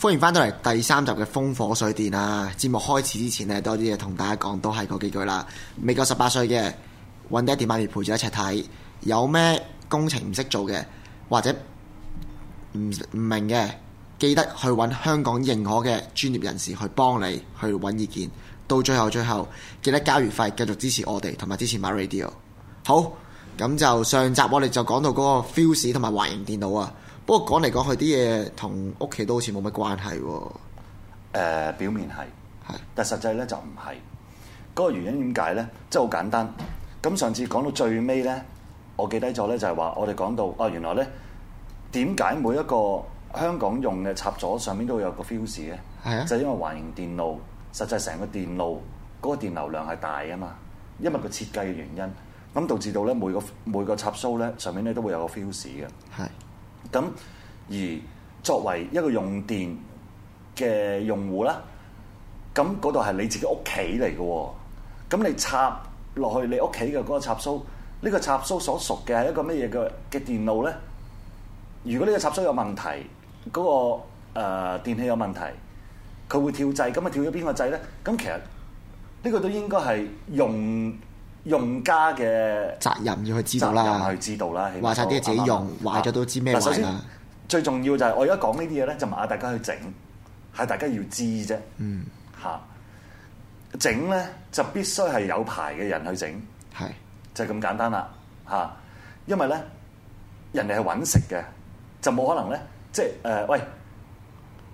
歡迎返到嚟第三集嘅風火水電啊！節目開始之前呢，多啲嘢同大家講，都係嗰幾句啦。未夠十八歲嘅揾爹地媽咪陪住一齊睇。有咩工程唔識做嘅或者唔唔明嘅，記得去揾香港認可嘅專業人士去幫你去揾意見。到最後最後，記得交月費，繼續支持我哋同埋支持 MyRadio。好，咁就上集我哋就講到嗰個 fuse 同埋華盈電腦啊。不過說講嚟講去啲嘢同屋企都好似冇乜關係喎、啊呃。表面係係，但實際咧就唔係。嗰、嗰個原因點解咧？真係好簡單。咁上次講到最尾咧，我記低咗咧就係話，我哋講到啊，原來咧點解每一個香港用嘅插座上面都會有個 fuse 嘅，係啊，就係、因為環形電路，實際成個電路嗰個電流量係大啊嘛，因為個設計嘅原因，咁導致到咧每個每個插蘇咧上面咧都會有個 fuse 嘅，係。咁而作為一個用電嘅用戶啦，咁嗰度係你自己屋企嚟嘅喎，咁你插落去你屋企嘅嗰個插蘇，呢個插蘇所屬嘅係一個咩嘢嘅嘅電路咧？如果呢個插蘇有問題，嗰個、呃、電器有問題，佢會跳掣，咁啊跳咗邊個掣咧？咁其實呢個都應該係用。用家嘅責任要去知道啦，去知道啦。話曬啲嘢自己用，壞咗都知咩事，啊、首先最重要就係我而家講呢啲嘢咧，就問下大家去整，係大家要知啫。嗯、啊，嚇整咧就必須係有牌嘅人去整，係就咁簡單啦嚇、啊。因為咧人哋係揾食嘅，就冇可能咧，即係誒、呃、喂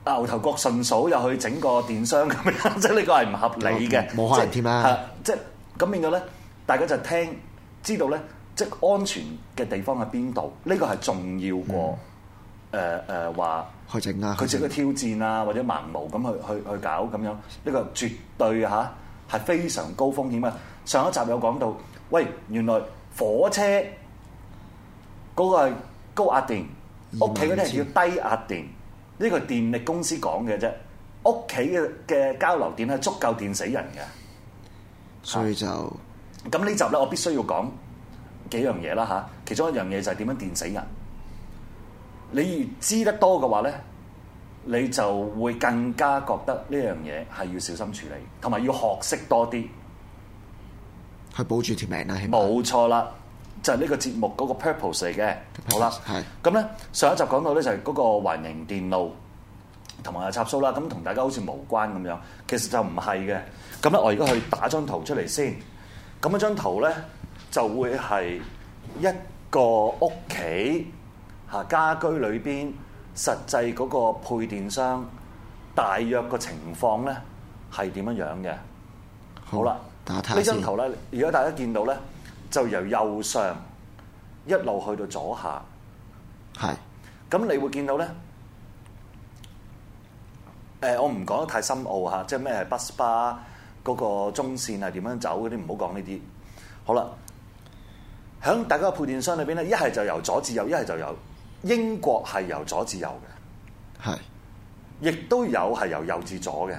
牛頭角順嫂又去整個電箱咁樣，即係呢個係唔合理嘅，冇可能添啊！即係咁、啊、變到咧。大家就聽知道咧，即係安全嘅地方喺邊度？呢個係重要過誒誒話去整啊，佢整個挑戰啊，或者盲無咁去去去搞咁樣。呢個絕對嚇係、啊、非常高風險啊！上一集有講到，喂原來火車嗰個係高壓電，屋企嗰啲係叫低壓電。呢個電力公司講嘅啫，屋企嘅嘅交流電係足夠電死人嘅。所以就。啊。咁呢集咧，我必須要講幾樣嘢啦嚇。其中一樣嘢就係點樣電死人。你越知得多嘅話咧，你就會更加覺得呢樣嘢係要小心處理，同埋要學識多啲去保住條命啦。冇錯啦，就係呢個節目嗰個 purpose 嚟嘅。好啦，係咁咧。上一集講到咧就係嗰個環形電路同埋插蘇啦。咁同大家好似無關咁樣，其實就唔係嘅。咁咧，我而家去打張圖出嚟先。咁樣張圖咧，就會係一個屋企家居裏邊實際嗰個配電箱大約個情況咧，係點樣樣嘅？好啦，呢張圖咧，如果大家見到咧，就由右上一路去到左下，係。咁你會見到咧、呃？我唔講得太深奧嚇，即係咩係 Busbar。嗰、那個中線係點樣走嗰啲唔好講呢啲，好啦，喺大家嘅配電箱裏邊咧，一係就由左至右，一係就有英國係由左至右嘅，係，亦都有係由右至左嘅，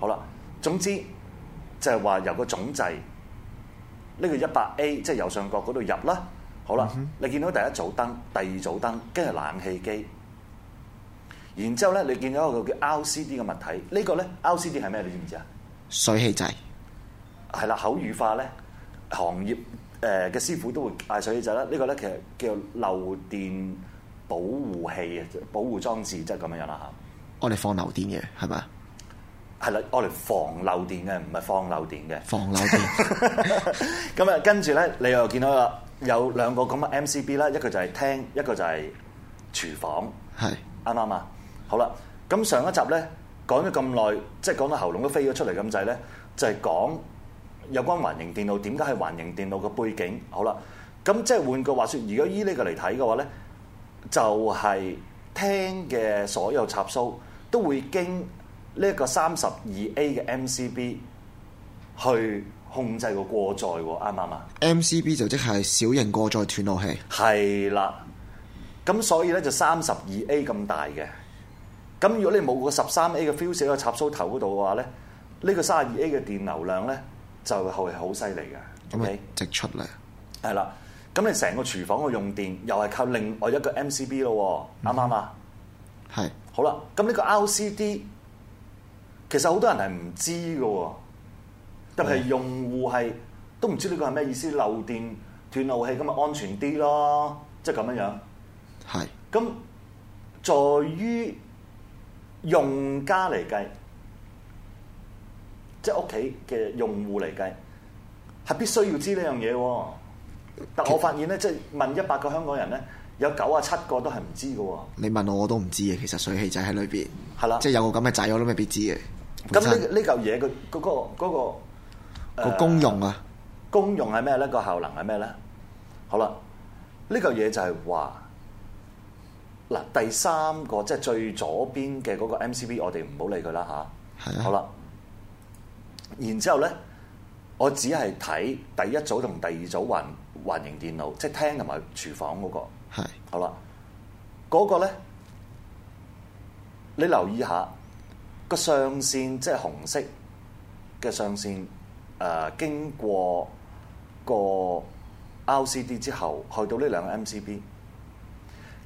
好啦，總之就係話由個總掣呢、這個一百 A 即係右上角嗰度入啦，好啦、嗯，你見到第一組燈、第二組燈，跟住冷氣機，然之後咧你見到一個叫 RCD 嘅物體，這個、呢個咧 RCD 係咩？你知唔知啊？水氣掣係啦，口語化咧，行業誒嘅師傅都會嗌水氣掣啦。呢個咧其實叫漏電保護器啊，保護裝置即係咁樣樣啦吓。我哋放漏電嘅係咪？係啦，我哋防漏電嘅，唔係放漏電嘅。防漏電。咁啊，跟住咧，你又見到啦，有兩個咁嘅 MCB 啦，一個就係廳，一個就係廚房，係啱唔啱啊？好啦，咁上一集咧。講咗咁耐，即係講到喉嚨都飛咗出嚟咁滯呢，就係、是、講有關環形電路點解係環形電路嘅背景。好啦，咁即係換句話說，如果依呢個嚟睇嘅話呢，就係、是、聽嘅所有插蘇都會經呢個個三十二 A 嘅 MCB 去控制個過載，啱唔啱啊？MCB 就即係小型過載斷路器。係啦，咁所以呢，就三十二 A 咁大嘅。咁如果你冇個十三 A 嘅 fuse 喺個插蘇頭嗰度嘅話咧，呢個卅二 A 嘅電流量咧就係好犀利嘅，OK，直出嚟係啦。咁你成個廚房嘅用電又係靠另外一個 MCB 咯，啱唔啱啊？係好啦。咁呢個 RCD 其實好多人係唔知嘅，特別係用戶係都唔知呢個係咩意思，漏電斷路器咁咪安全啲咯，即係咁樣樣。係咁，在於。用家嚟計，即係屋企嘅用戶嚟計，係必須要知呢樣嘢。但我發現咧，即係問一百個香港人咧，有九啊七個都係唔知嘅。你問我我都唔知嘅，其實水氣仔喺裏邊，係啦，即係有個咁嘅仔我都未必知嘅。咁呢呢嚿嘢嘅個、嗰個、嗰個功、嗰個嗰個、用啊，功、呃、用係咩咧？個效能係咩咧？好啦，呢嚿嘢就係、是、話。嗱，第三個即係最左邊嘅嗰個 MCB，我哋唔好理佢啦嚇。係啊。好啦，然之後咧，我只係睇第一組同第二組環環形電腦，即係廳同埋廚房嗰、那個。係。好啦，嗰、那個咧，你留意下個上線，即係紅色嘅上線，誒、呃、經過個 RCD 之後，去到呢兩個 MCB。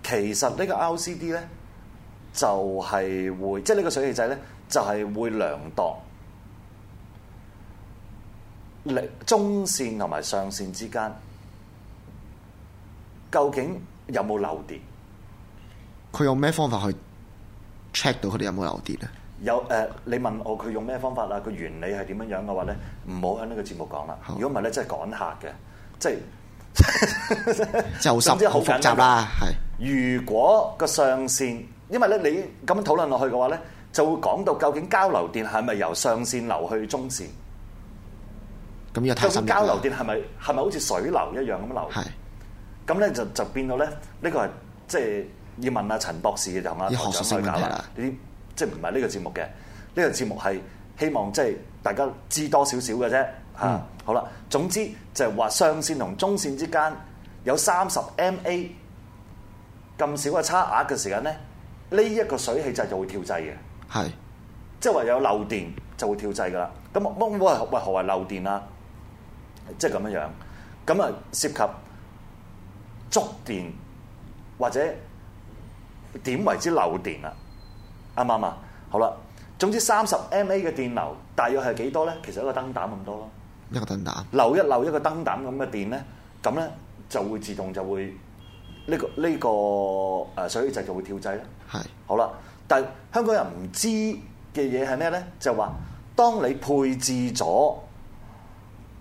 其實呢個 RCD 咧，就係會即係呢個水氣掣咧，就係會量度力中線同埋上線之間，究竟有冇漏電？佢用咩方法去 check 到佢哋有冇漏電咧？有誒、呃，你問我佢用咩方法啊？個原理係點樣樣嘅話咧，唔好喺呢個節目講啦。如果唔係咧，真係趕客嘅，即係就心即係好複雜啦，係。如果個上線，因為咧你咁樣討論落去嘅話咧，就會講到究竟交流電係咪由上線流去中線？咁又太深入。究竟交流電係咪係咪好似水流一樣咁流？係。咁咧就就變到咧呢個係即係要問阿陳博士就同啊台長衰啦。呢啲即係唔係呢個節目嘅？呢個節目係希望即係大家知多少少嘅啫。嚇、嗯，好啦，總之就係話上線同中線之間有三十 mA。咁少嘅差額嘅時間咧，呢一個水氣就就會跳掣嘅，係，即係話有漏電就會跳掣噶啦。咁乜喂喂何謂漏電啊？即係咁樣樣，咁啊涉及觸電或者點為之漏電啊？啱唔啱啊？好啦，總之三十 mA 嘅電流大約係幾多咧？其實一個燈膽咁多咯，一個燈膽漏一漏一個燈膽咁嘅電咧，咁咧就會自動就會。呢、呢個呢、呢個誒水氣製就會跳掣咧，係好啦。但係香港人唔知嘅嘢係咩咧？就話、係、當你配置咗，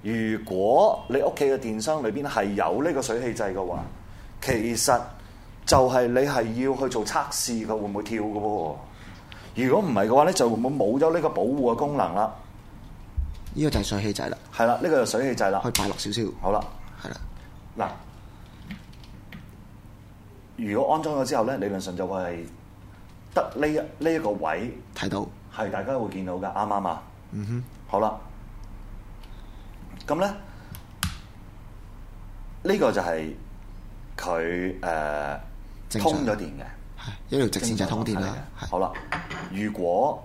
如果你屋企嘅電箱裏邊係有呢個水氣製嘅話，嗯、其實就係你係要去做測試佢會唔會跳嘅喎、啊？如果唔係嘅話咧，就會冇咗呢個保護嘅功能啦。呢、呢個就係水氣製啦，係啦，呢個就水氣製啦，可以擺落少少。好啦，係啦，嗱。如果安裝咗之後咧，理論上就會係得呢一呢一個位睇到，係大家會見到嘅，啱啱啊？嗯哼，好啦、呢個呃了了了了，好啦，咁咧呢個就係佢誒通咗電嘅，一條直線通電啦。好啦，如果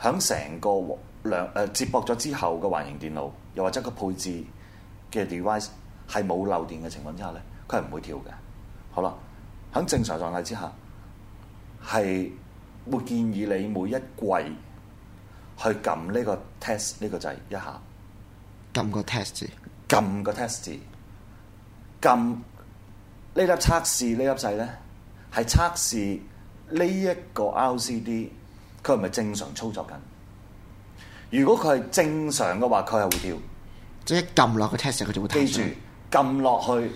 喺成個環兩接駁咗之後嘅環形電腦，又或者個配置嘅 device 係冇漏電嘅情況之下咧，佢係唔會跳嘅。好啦。喺正常狀態之下，係會建議你每一季去撳呢個 test 呢個掣一下，撳個 test 字，撳個 test 字，撳呢粒測試呢粒掣咧，係測試呢一個 RCD 佢係咪正常操作緊？如果佢係正常嘅話，佢係會跳，即係一撳落個 test 佢就會。記住撳落去，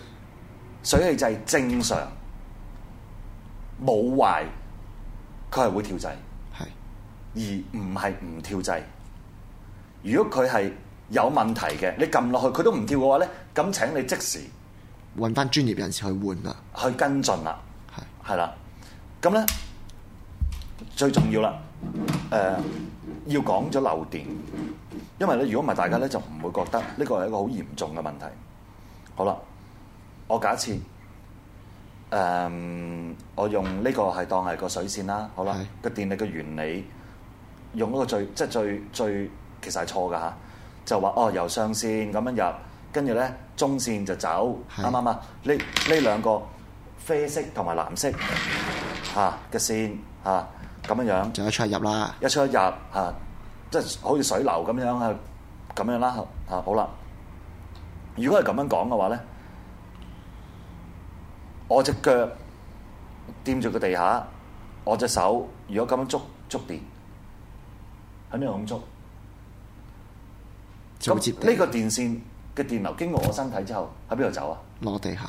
水氣就係正常。冇壞，佢係會跳掣，係，而唔係唔跳掣。如果佢係有問題嘅，你撳落去佢都唔跳嘅話咧，咁請你即時搵返專業人士去換啦，去跟進啦，係係啦。咁咧最重要啦，誒、呃、要講咗漏電，因為咧如果唔係，大家咧就唔會覺得呢個係一個好嚴重嘅問題。好啦，我假設。誒，um，我用呢、呢個係當係個水線啦，好啦，個電力嘅原理用嗰個最，即係最最，其實係錯嘅吓，就話哦，由上線咁樣入，跟住咧中線就走，啱唔啱？呢呢兩個啡色同埋藍色嚇嘅線嚇咁樣樣，就一出一入啦，一出一入嚇，即係好似水流咁樣啊，咁樣啦嚇，好啦。如果係咁樣講嘅話咧。我隻腳掂住個地下，我隻手如果咁樣捉觸，觸電，喺邊度咁捉。接呢個電線嘅電流經過我身體之後，喺邊度走啊？落地下，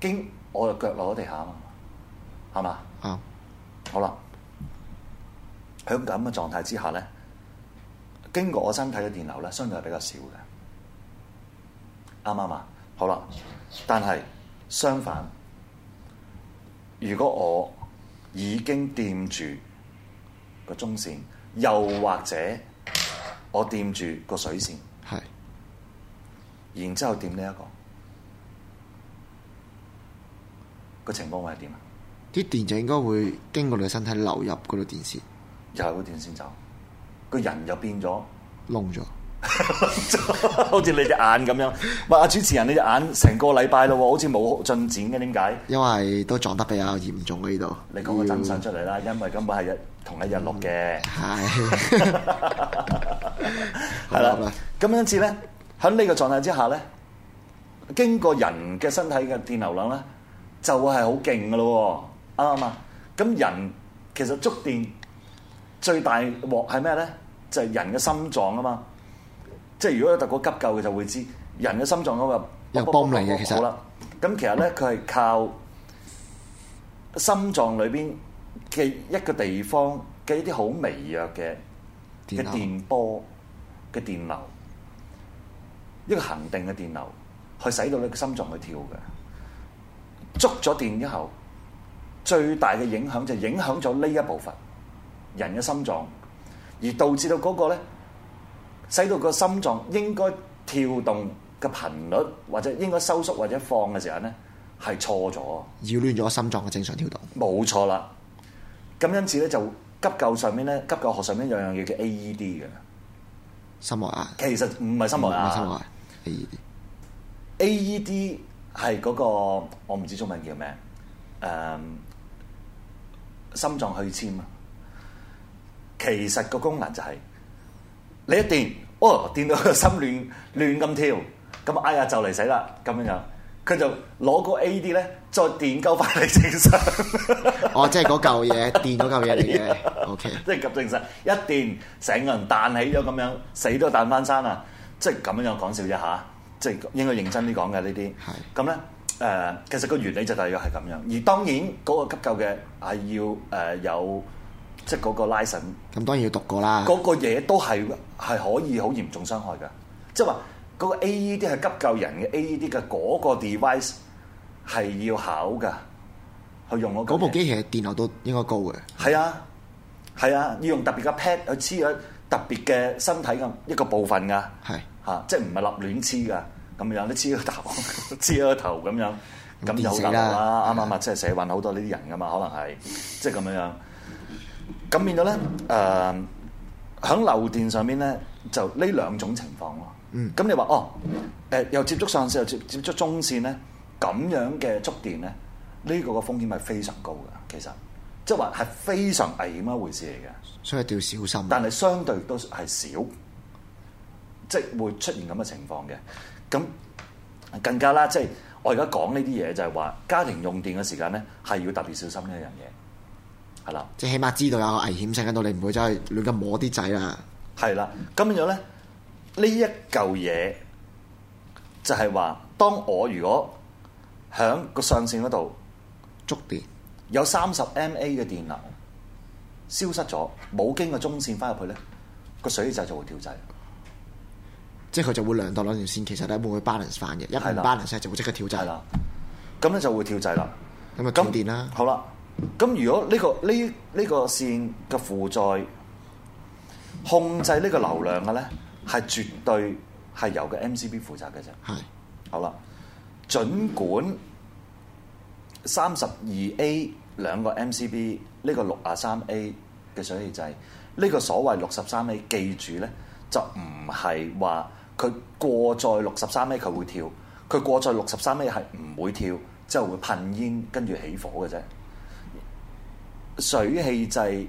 經我嘅腳落咗地下啊嘛，係、嗯、嘛？啱。好啦，喺咁嘅狀態之下咧，經過我身體嘅電流咧，相對係比較少嘅，啱唔啱啊？好啦，但係。相反，如果我已經掂住個中線，又或者我掂住個水線，係，然之後掂呢一個，個情況會係點啊？啲電就應該會經過你身體流入嗰度電線，又係嗰條電線走，個人又變咗，窿咗。 好似你隻眼咁樣，唔啊！主持人，你隻眼成個禮拜嘞，好似冇進展嘅，點解？因為都撞得比較嚴重呢度。你講個真相出嚟啦，因為根本係同一日錄嘅。係、嗯，係啦。咁因此咧，喺呢個狀態之下咧，經過人嘅身體嘅電流量咧，就會係好勁噶咯，啱、唔啱嘛？咁人其實觸電最大鑊係咩咧？就係人嘅心臟啊嘛。即係如果有達過急救嘅就會知人嘅心臟嗰個有功能嘅，其實咁其實咧佢係靠心臟裏邊嘅一個地方嘅一啲好微弱嘅嘅電波嘅電流，一個恒定嘅電流去使到你個心臟去跳嘅。捉咗電之後最大嘅影響就影響咗呢一部分人嘅心臟而導致到嗰個咧。使到個心臟應該跳動嘅頻率，或者應該收縮或者放嘅時候咧，係錯咗啊！擾亂咗心臟嘅正常跳動。冇錯啦。咁因此咧，就急救上面咧，急救學上面有樣嘢叫 AED 嘅。心膜壓。其實唔係心膜壓。心膜壓。AED、那個。AED 係嗰個我唔知中文叫咩？誒，心臟去顫啊。其實個功能就係、是。你一掂，哦，電到個心亂亂咁跳，咁哎呀就嚟死啦，咁樣樣，佢就攞個 A D 咧，再電救翻你精神。哦， 即係嗰嚿嘢，電嗰嚿嘢嚟嘅。O、okay、K，即係急救。一電，成個人彈起咗咁樣，死都彈翻山啊！即係咁樣樣講笑一下，即係應該認真啲講嘅呢啲。係。咁咧，誒，其實個原理就大約係咁樣，而當然嗰個急救嘅係要、呃、有。即係嗰個 license，咁當然要讀過啦。嗰個嘢都係係可以好嚴重傷害嘅，即係話嗰個 AED 係急救人嘅 AED 嘅嗰個 device 係要考嘅，去用嗰。部機器，其實電流都應該高嘅。係啊，係啊，要用特別嘅 pad 去黐咗特別嘅身體咁一個部分㗎。係嚇，即係唔係立亂黐㗎？咁樣你黐咗頭，黐咗頭咁樣，咁就難好難啦。啱啱啊，即係社運好多呢啲人㗎嘛，可能係即係咁樣。咁變咗咧，誒、呃，喺漏電上面咧，就呢兩種情況咯。嗯你說，咁你話哦，誒、呃，又接觸上線又接接觸中線咧，咁樣嘅觸電咧，呢、這個個風險係非常高嘅，其實即係話係非常危險的一回事嚟嘅，所以一定要小心，啊。但係相對都係少，即、就、係、是、會出現咁嘅情況嘅。咁更加啦，即、就、係、是、我而家講呢啲嘢就係話，家庭用電嘅時間咧係要特別小心呢一樣嘢。係啦，即係起碼知道有個危險性喺度，到你唔會走去亂咁摸啲仔啦。係啦，咁樣樣咧，呢一嚿嘢就係話，當我如果響個上線嗰度，觸電有三十 mA 嘅電流消失咗，冇經過中線翻入去咧，個水掣就會跳掣。即係佢就會量度兩條線，其實咧會去 balance 翻嘅，一唔 balance 就會即刻跳掣啦。咁咧就會跳掣啦。咁啊，斷電啦。好啦。咁如果呢、呢個呢呢、呢個呢個線嘅負載控制呢個流量嘅咧，係絕對係由個 M C B 負責嘅啫。係好啦，儘管三十二 A 兩個 M C B 呢個六啊三 A 嘅水氣掣呢個所謂六十三 A，記住咧就唔係話佢過載六十三 A 佢會跳，佢過載六十三 A 係唔會跳，之後會噴煙跟住起火嘅啫。水氣制、就是，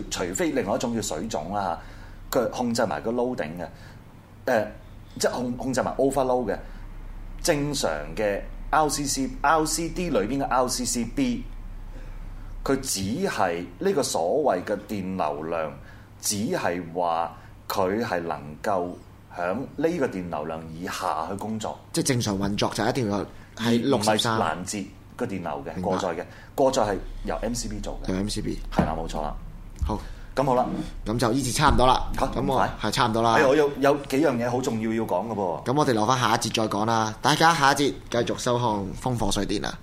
水除，除非另外一種叫水腫啦嚇，佢控制埋個撈頂嘅，誒，即係控控制埋 overload 嘅。正常嘅 RCC、RCD 裏邊嘅 RCCB，佢只係呢個所謂嘅電流量，只係話佢係能夠響呢個電流量以下去工作。即係正常運作就一定要，係六十三。個電流嘅過載嘅過載係由 MCB 做嘅，由 MCB 係啦，冇錯啦。好咁好啦，咁、嗯、就依次差唔多啦。好、啊、咁我係差唔多啦、哎。我有有幾樣嘢好重要嘅要講嘅噃。咁我哋留翻下，下一節再講啦。大家下一節繼續收看風火水電啊！